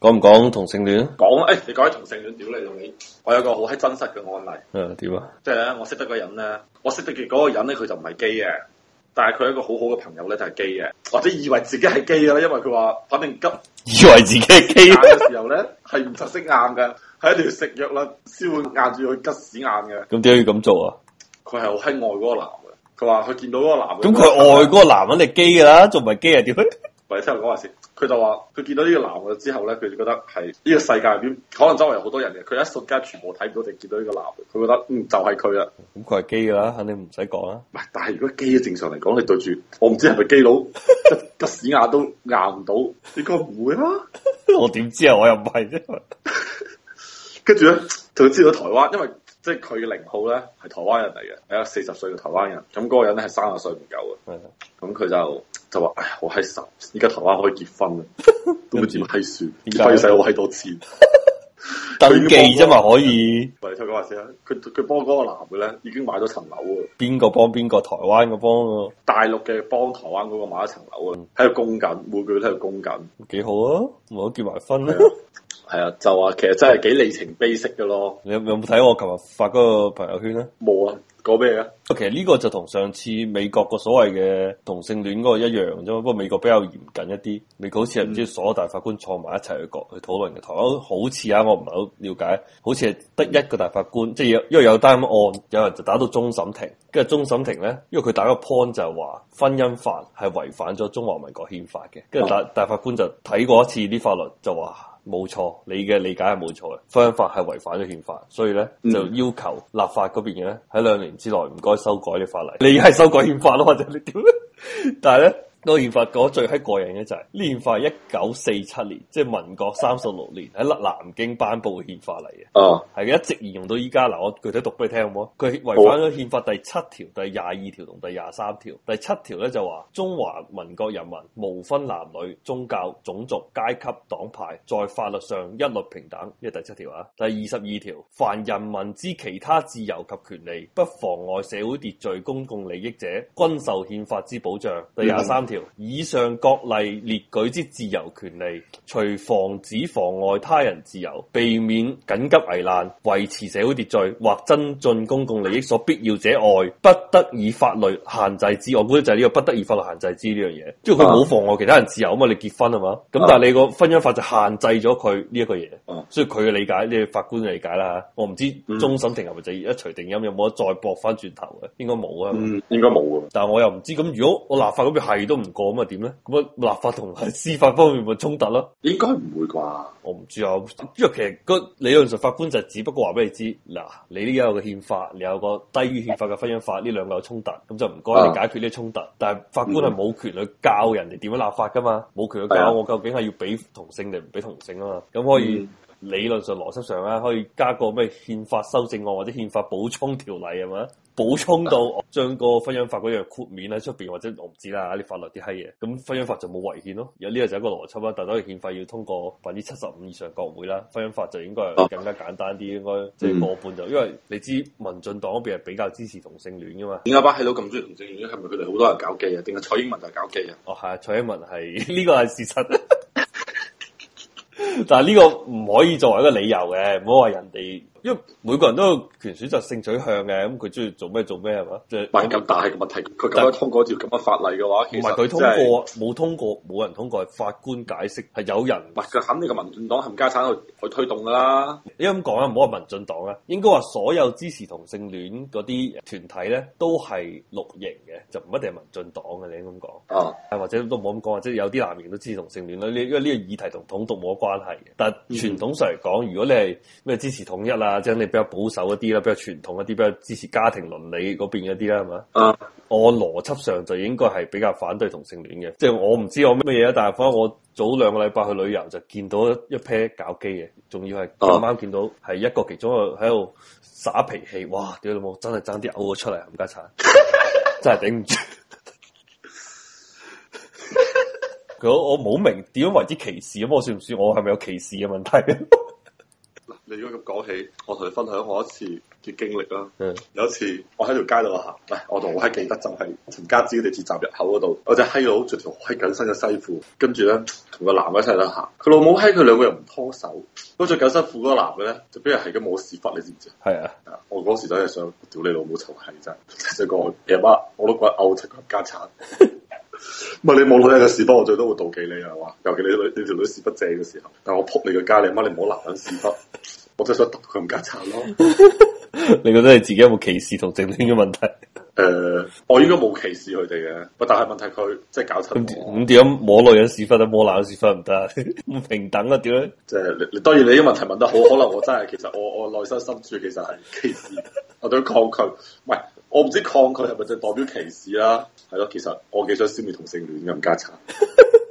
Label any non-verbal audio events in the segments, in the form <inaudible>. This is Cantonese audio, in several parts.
講唔講同性戀？講啊！誒、哎，你講啲同性戀屌你到你？我有個好閪真實嘅案例。嗯，點啊？即係咧，我識得個人咧，就是，我識得嘅嗰個人咧，佢就唔係 gay 嘅，但係佢一個好好嘅朋友咧就係 gay 嘅，或者以為自己係 gay 嘅咧，因為佢話反正吉，以為自己係 gay 嘅時候咧，係唔識硬嘅，係 <laughs> 一定要食藥啦，先會硬住佢，吉屎硬嘅。咁點解要咁做啊？佢係好閪愛嗰個男嘅，佢話佢見到嗰個男嘅。咁佢愛嗰個男人係 gay 噶啦，仲唔係 gay 啊？點？ <laughs> 或者聽人講話先，佢就話佢見到呢個男嘅之後咧，佢就覺得係呢個世界入面可能周圍有好多人嘅，佢一瞬間全部睇唔到，到、嗯，就見到呢個男嘅，佢覺得嗯就係佢啦。咁佢係基㗎啦，肯定唔使講啦。但係如果基正常嚟講，你對住我唔知係咪基佬，吉 <laughs> 屎牙都硬唔到，應該唔會啦。 <laughs> 我點知啊？我又唔係啫。跟住咧，就知道台灣，因為即係佢嘅零號咧係台灣人嚟嘅，係啊四十歲嘅台灣人。咁、那、嗰個人咧係三十歲唔夠嘅，咁佢的就。就話哎呀好閪愁。依家台灣可以結婚啦，都唔知點閪算，費事何使好閪多錢， <laughs> <laughs> 登記啫嘛可以。喂，你再講下先啦，佢佢幫嗰個男嘅咧已經買咗層樓啊，邊個幫邊個台灣嗰幫大陸嘅幫台灣嗰個買咗層樓啊，喺度、嗯、供緊，每個月喺度供緊，幾好啊，我都結埋婚。係啊，就話其實真係幾里程碑式嘅咯。你有冇睇我琴日發嗰個朋友圈咧？冇啊，講咩啊？其實呢個就同上次美國個所謂嘅同性戀嗰個一樣啫，不過美國比較嚴謹一啲。美國好似係唔知所有大法官坐埋一齊去講去討論嘅。台灣，好似啊，我唔係好了解，好似係得一個大法官，即係、嗯、因為有單案，有人就打到終審庭，跟住終審庭咧，因為佢打個 point 就話婚姻法係違反咗中華民國憲法嘅，跟住大、嗯、大法官就睇過一次啲法律就話。冇錯，你嘅理解係冇錯嘅，婚姻法係違反咗憲法，所以呢，嗯、就要求立法嗰邊嘅呢喺兩年之內唔該修改呢法例，你而家係修改憲法嘅或者你點？但係呢。 <laughs> 個憲法嗰最閪過癮嘅就係呢憲法係一九四七年，即係民國三十六年喺南南京頒布憲法嚟嘅。哦、啊，係一直沿用到依家。嗱，我具體讀俾你聽好唔好？佢違反咗憲法第七條、第廿二條同第廿三條。第七條咧就話中華民國人民無分男女、宗教、種族、階級、黨派，在法律上一律平等。呢第七條啊，第二十二條，凡人民之其他自由及權利，不妨礙社會秩序、公共利益者，均受憲法之保障。第廿三。以上各例列舉之自由權利，除防止妨礙他人自由、避免緊急危難、維持社會秩序或增進公共利益所必要者外，不得以法律限制之。我估咧就係呢個不得以法律限制之呢樣嘢，即係佢冇妨礙其他人自由啊嘛，你結婚係嘛？咁但係你個婚姻法就限制咗佢呢一個嘢，所以佢嘅理解，呢個法官嘅理解啦吓，我唔知終審庭係咪就一錘定音，有冇得再駁翻轉頭嘅？應該冇啊，嗯、吧應該冇噶。但係我又唔知，咁如果我立法咁樣係都。唔過咪點咧？咁啊，立法同司法方面咪衝突咯？應該唔會啩？我唔知啊，因為其實個理論上法官就只不過話俾你知，嗱，你呢家有個憲法，你有個低於憲法嘅婚姻法，呢兩個有衝突，咁就唔該你解決呢啲衝突。啊、但係法官係冇權去教人哋點樣立法噶嘛，冇權去教我究竟係要俾同性定唔俾同性啊嘛。咁可以理論上、嗯、邏輯上啊，可以加個咩憲法修正案或者憲法補充條例係嘛？補充到，將、啊哦、個婚姻法嗰樣豁免喺出邊，或者我唔知啦，啲法律啲閪嘢，咁婚姻法就冇違憲咯。而呢個就係一個邏輯啦，但係違憲法要通過百分之七十五以上國會啦，婚姻法就應該係更加簡單啲，啊、應該即係過半就，因為你知民進黨嗰邊係比較支持同性戀噶嘛。點解班喺度咁中意同性戀？係咪佢哋好多人搞基啊？定係蔡英文就搞基啊？哦，係蔡英文係呢、這個係事實， <laughs> 但係呢個唔可以作為一個理由嘅，唔好話人哋。因為每個人都有權選擇性取向嘅，咁佢中意做咩做咩係嘛？即係咁大嘅問題，佢咁樣通過條咁嘅法例嘅話，唔係佢通過，冇、就是、通過，冇、就是、人通過，係法官解釋係有人。唔係佢肯呢個民進黨、冚家鏟去去推動噶啦。你咁講啊，唔好話民進黨啊，應該話所有支持同性戀嗰啲團體咧，都係綠營嘅，就唔一定係民進黨嘅。你咁講，哦、嗯，或者都冇咁講，即係有啲藍營都支持同性戀啦。呢因為呢個議題同統獨冇關係嘅。但係傳統上嚟講，如果你係咩支持統一啦。嗯啊，即係你比較保守一啲啦，比較傳統一啲，比較支持家庭倫理嗰邊一啲啦，係嘛？啊，我邏輯上就應該係比較反對同性戀嘅。即係我唔知我咩嘢啊，但係反正我早兩個禮拜去旅遊就見到一 pair 搞基嘅，仲要係咁啱見到係一個其中一個喺度耍脾氣，哇！屌老母，真係爭啲嘔咗出嚟，冚家鏟，真係頂唔住。佢 <laughs> <laughs> 我我冇明點樣為之歧視咁，我算唔算我係咪有歧視嘅問題？你如果咁講起，我同你分享我一次嘅經歷啦。嗯、有一次，我喺條街度行，唔我同我喺記得就係、是、陳家祠嘅地鐵站入口嗰度，嗰隻閪佬着條好緊身嘅西褲，跟住咧同個男一齊咧行，佢老母閪佢兩個人唔拖手，嗰着緊身褲嗰個男嘅咧就邊係係咁冇屎忽，你知唔知啊？係啊，我嗰時真係想屌你老母臭閪真，真係講阿媽我都覺得嘔出個家產。唔 <laughs> 你冇女嘅屎忽，我最多會妒忌你啊。係嘛？尤其你女你條女屎忽正嘅時候，但係我扑你嘅街，你媽你唔好拿緊屎忽。我就想打佢唔家賊咯， <laughs> 你覺得你自己有冇歧視同性戀嘅問題？誒、呃，我應該冇歧視佢哋嘅，但係問題佢即係搞錯。咁點？摸女人屎忽，摸男人屎忽，唔得，唔平等啊？點咧？即係、就是、你當然你啲問題問得好，可能我真係其實我我內心深處其實係歧視，我對抗拒，唔係我唔知抗拒係咪就代表歧視啦？係、啊、咯、啊，其實我幾想消滅同性戀嘅唔家賊。 <laughs>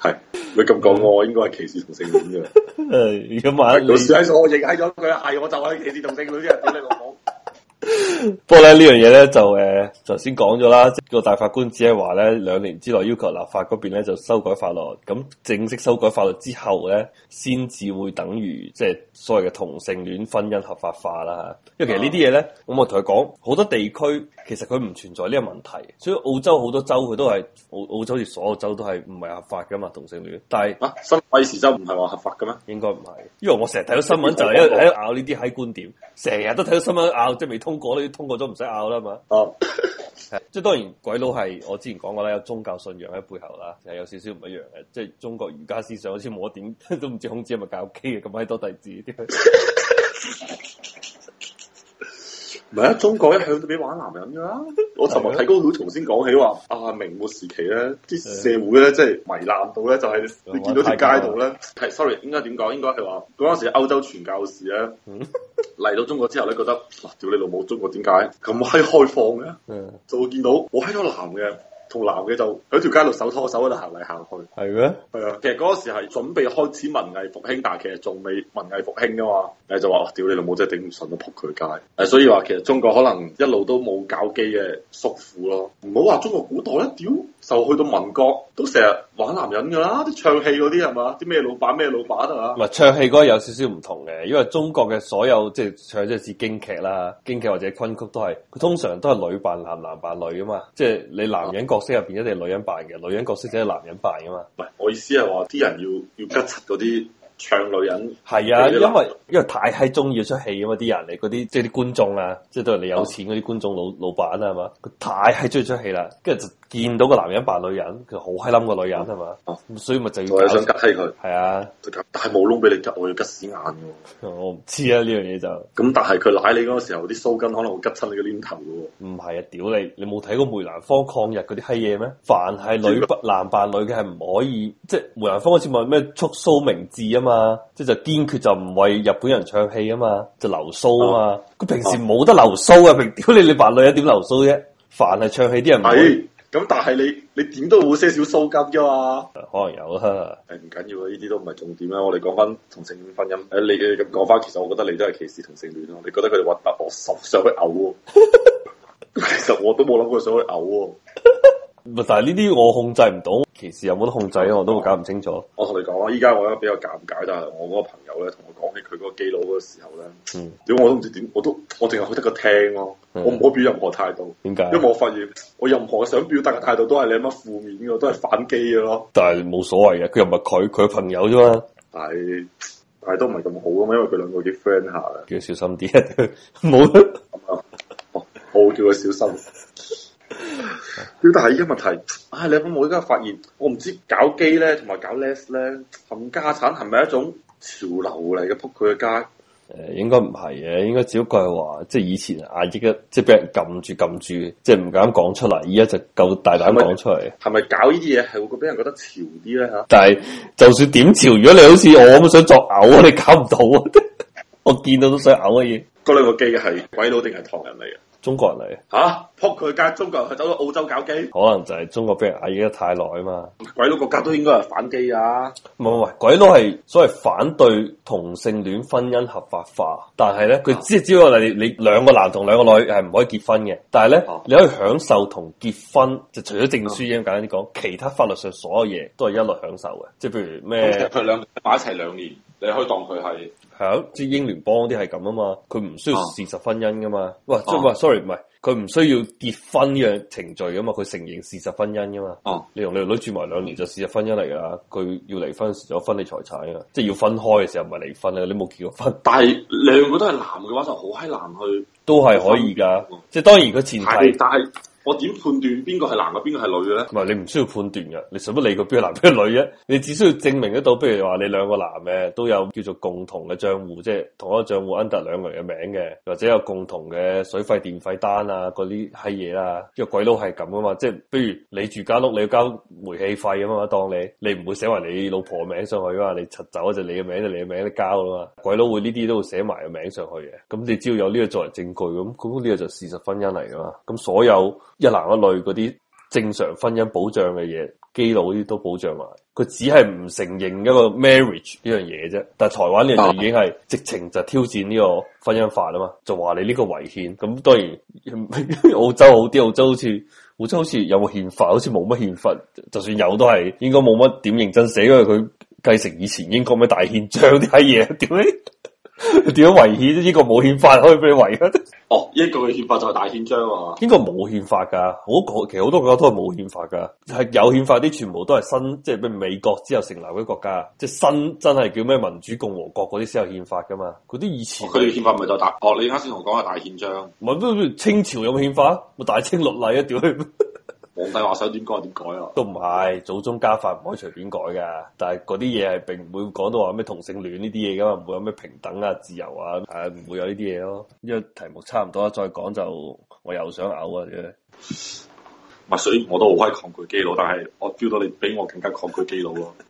係你咁講我，應該係歧視同性戀啫。誒，而家嘛，老師喺我認喺咗佢係，我就係歧視同性戀人俾你講。不過咧呢樣嘢咧就誒，頭先講咗啦。個大法官只係話咧，兩年之內要求立法嗰邊咧就修改法律，咁正式修改法律之後咧，先至會等於即係所謂嘅同性戀婚姻合法化啦吓。因為其實呢啲嘢咧，我同佢講，好多地區其實佢唔存在呢個問題，所以澳洲好多州佢都係澳澳洲，而所有州都係唔係合法噶嘛同性戀。但係啊，新費時州唔係話合法嘅咩？應該唔係，因為我成日睇到新聞就係喺度拗呢啲喺觀點，成日都睇到新聞拗，即係未通過咧，通過咗唔使拗啦嘛。哦。啊 <laughs> 即係，當然鬼佬係我之前講過啦，有宗教信仰喺背後啦，係有少少唔一樣嘅。即、就、係、是、中國儒家思想，好似冇一點都唔知孔子係咪搞基咁喺多弟子。 <laughs> 唔係啊！中國一向都俾玩男人噶啦。 <laughs> 我尋日睇嗰個重頭先講起話啊，明末時期咧，啲的社會咧，即係糜爛到咧，就係、是、你見到條街道咧。係，sorry，應該點講？應該係話嗰陣時歐洲傳教士咧嚟、嗯、到中國之後咧，覺得哇，屌、啊、你老母！中國點解咁閪開放嘅？嗯的，就會見到我喺個男嘅。同男嘅就喺條街度手拖手喺度行嚟行去的，係咩？係啊。其實嗰陣時係準備開始文藝復興，但係其實仲未文藝復興噶嘛，誒就話、啊、屌你老母，真係頂唔順都撲佢街誒，所以話其實中國可能一路都冇搞基嘅束縛咯，唔好話中國古代啦，屌。就去到民國都成日玩男人㗎啦，啲唱戲嗰啲係咪，啲咩老闆咩老闆啊，唔係唱戲嗰有少少唔同嘅，因為中國嘅所有即係唱即係指京劇啦，京劇或者昆曲都係佢通常都係女扮男，男扮女啊嘛，即係你男人角色入邊一定女人扮嘅，啊、女人角色即係男人扮㗎嘛。唔係我意思係話啲人要要吉襯嗰啲唱女人係啊人因，因為因為太係鍾意出戲咁嘛。啲人，你嗰啲即係啲觀眾啊，即係都係你有錢嗰啲觀眾老老闆啊嘛，佢太係鍾意出戲啦，跟住就。見到個男人扮女人，佢好閪冧個女人係嘛？哦，啊、所以咪就要想吉佢。係啊，佢大冇窿俾你吉，我要吉屎眼嘅。 <laughs> 我唔知啊，呢樣嘢就咁。但係佢拉你嗰個時候，啲鬚根可能會吉親你個黏頭嘅。唔係啊，屌你！你冇睇過梅蘭芳抗日嗰啲閪嘢咩？凡係女扮男扮女嘅係唔可以，即係梅蘭芳好似問咩？蓄鬚明志啊嘛，即係就堅決就唔為日本人唱戲啊嘛，就留鬚啊嘛。佢、啊、平時冇得留鬚啊，平屌你你扮女人點留鬚啫？凡係唱戲啲人咪。的咁但係你你點都會些少騷金噶嘛？可能有吓，唔緊要，啊，呢啲都唔係重點啦。我哋講翻同性婚姻。誒、欸，你嘅，咁講翻，其實我覺得你都係歧視同性戀咯。你覺得佢哋核突，我實想去嘔。 <laughs> 其實我都冇諗過想去嘔。唔係，但係呢啲我控制唔到。其實有冇得控制，嗯、我都搞唔清楚。我同你講啊，依家我咧比較尷尬，但係我嗰個朋友咧同我講起佢嗰個基佬嗰個時候咧，屌、嗯、我都唔知點，我都我淨係好得個聽咯，我唔好表任何態度。點解、嗯？為因為我發現我任何想表達嘅態度都係你乜負面嘅，都係反基嘅咯。但係冇所謂嘅，佢又唔係佢，佢朋友啫嘛。係，但係都唔係咁好噶嘛，因為佢兩個幾 friend 下叫要小心啲冇得，我叫佢小心。要但係依家問題。唉、啊，你可我而家發現，我唔知搞基咧，同埋搞 Les 咧，冚家產係咪一種潮流嚟嘅扑佢嘅街？誒，應該唔係嘅，應該只不過係話，即係以前阿 E 即係俾人撳住撳住，即係唔敢講出嚟。而家就夠大膽講出嚟。係咪搞呢啲嘢係會俾人覺得潮啲咧吓？但係就算點潮，如果你好似我咁想作嘔，你搞唔到啊！ <laughs> 我見到都想嘔乜嘢？ <laughs> 兩個女仆機係鬼佬定係唐人嚟嘅？中國人嚟吓，撲佢家中國人去走到澳洲搞基，啊、可能就係中國俾人壓抑得太耐啊嘛。鬼佬國家都應該係反擊啊！唔係唔係，鬼佬係所謂反對同性戀婚姻合法化，但係咧佢只只都係你兩個男同兩個女係唔可以結婚嘅。但係咧、啊、你可以享受同結婚，就除咗證書咁簡單啲講，其他法律上所有嘢都係一律享受嘅。即係譬如咩，佢兩擺一齊兩年，你可以當佢係。係咯，即係英聯邦啲係咁啊嘛，佢唔需要事實婚姻噶嘛，啊、喂即係哇，sorry 唔係，佢唔需要結婚嘅程序噶嘛，佢承認事實婚姻噶嘛，哦、啊，你同你條女住埋兩年就事實婚姻嚟噶，佢要離婚時就有分你財產啊，即係要分開嘅時候唔係離婚啊，你冇結過婚，但係兩個都係男嘅話就好閪男去，都係可以噶，嗯、即係當然佢前提，但係。我點判斷邊個係男嘅，邊個係女嘅咧？唔係你唔需要判斷嘅，你使乜理個邊個男邊個女啫？你只需要證明得到，譬如話你兩個男嘅都有叫做共同嘅帳戶，即係同一個帳戶 under 兩個人嘅名嘅，或者有共同嘅水費、電費單啊，嗰啲係嘢啦，因為鬼佬係咁啊嘛，即係譬如你住家屋，你要交煤氣費啊嘛，當你你唔會寫埋你老婆嘅名上去嘛，你插走就你嘅名，你嘅名都交啊嘛，鬼佬會呢啲都寫埋個名上去嘅，咁你只要有呢個作為證據，咁咁呢個就事實婚姻嚟噶嘛，咁所有。一男一女嗰啲正常婚姻保障嘅嘢，基佬啲都保障埋，佢只係唔承認一個 marriage 呢樣嘢啫。但係台灣人就已經係直情就挑戰呢個婚姻法啦嘛，就話你呢個違憲。咁當然澳洲好啲，澳洲好似澳洲好似有冇憲法，好似冇乜憲法，就算有都係應該冇乜點認真寫，因為佢繼承以前英國咩大憲章啲閪嘢，點解？點樣違憲？呢 <laughs> 個冇憲法可以俾你違、哦、啊！哦，呢個嘅憲法就係大憲章啊！呢個冇憲法噶，好多其實好多國家都係冇憲法噶，係有憲法啲全部都係新，即係咩美國之後成立嗰啲國家，即係新真係叫咩民主共和國嗰啲先有憲法噶嘛？嗰啲以前佢哋憲法唔咪就係大哦！你而家先同我講下大憲章，唔係清朝有冇憲法？我大清律例啊，屌？ <laughs> 皇帝話想點改就點改啊，都唔係祖宗家法唔可以隨便改噶。但係嗰啲嘢係並唔會講到話咩同性戀呢啲嘢噶，唔會有咩平等啊、自由啊，誒、啊，唔會有呢啲嘢咯。因為題目差唔多再講就我又想嘔啊！嘅所以我都好威抗拒基佬，但係我 feel 到你俾我更加抗拒基佬咯。